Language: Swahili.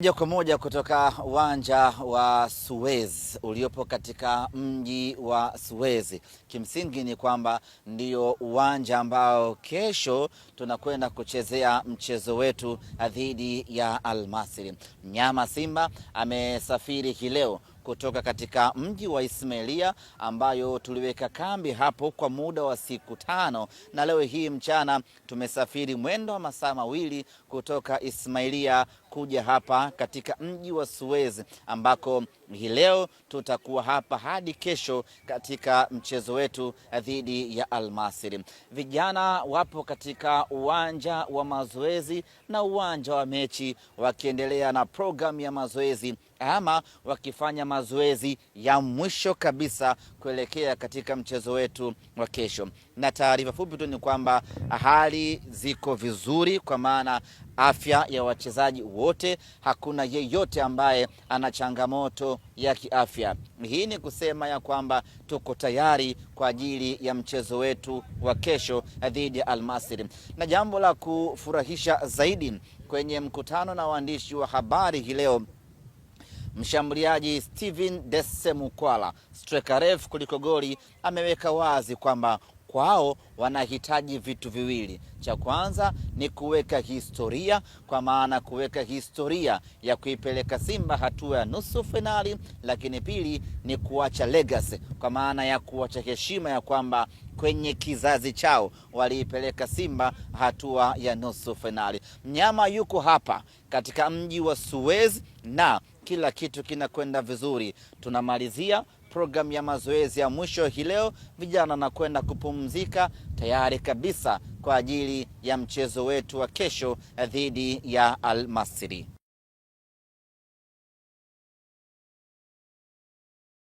Moja kwa moja kutoka uwanja wa Suez uliopo katika mji wa Suez. Kimsingi ni kwamba ndio uwanja ambao kesho tunakwenda kuchezea mchezo wetu dhidi ya Al Masry. Mnyama Simba amesafiri hii leo kutoka katika mji wa Ismailia ambayo tuliweka kambi hapo kwa muda wa siku tano, na leo hii mchana tumesafiri mwendo wa masaa mawili kutoka Ismailia kuja hapa katika mji wa Suez ambako hii leo tutakuwa hapa hadi kesho katika mchezo wetu dhidi ya almasiri Vijana wapo katika uwanja wa mazoezi na uwanja wa mechi wakiendelea na programu ya mazoezi ama wakifanya mazoezi ya mwisho kabisa kuelekea katika mchezo wetu wa kesho. Na taarifa fupi tu ni kwamba hali ziko vizuri, kwa maana afya ya wachezaji wote, hakuna yeyote ambaye ana changamoto ya kiafya. Hii ni kusema ya kwamba tuko tayari kwa ajili ya mchezo wetu wa kesho dhidi ya Almasiri. Na jambo la kufurahisha zaidi kwenye mkutano na waandishi wa habari hii leo Mshambuliaji Steven Desemukwala streka refu kuliko goli ameweka wazi kwamba kwao wanahitaji vitu viwili. Cha kwanza ni kuweka historia, kwa maana kuweka historia ya kuipeleka Simba hatua ya nusu fainali, lakini pili ni kuacha legacy, kwa maana ya kuacha heshima ya kwamba kwenye kizazi chao waliipeleka Simba hatua ya nusu fainali. Mnyama yuko hapa katika mji wa Suez na kila kitu kinakwenda vizuri. Tunamalizia programu ya mazoezi ya mwisho hii leo, vijana kwenda kupumzika tayari kabisa kwa ajili ya mchezo wetu wa kesho eh, dhidi ya Al Masry.